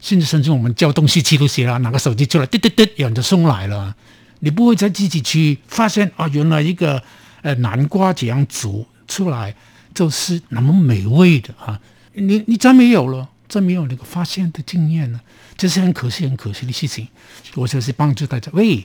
甚至甚至，我們叫東西吃都行啦，拿個手機出來，滴滴滴，有人就送來了，你不會再自己去發現，啊，原來一個呃南瓜這樣煮出來，就是那麼美味的哈、啊。你你再沒有了，再沒有那個發現的經驗了，這是很可惜、很可惜的事情。我就是幫助大家，喂。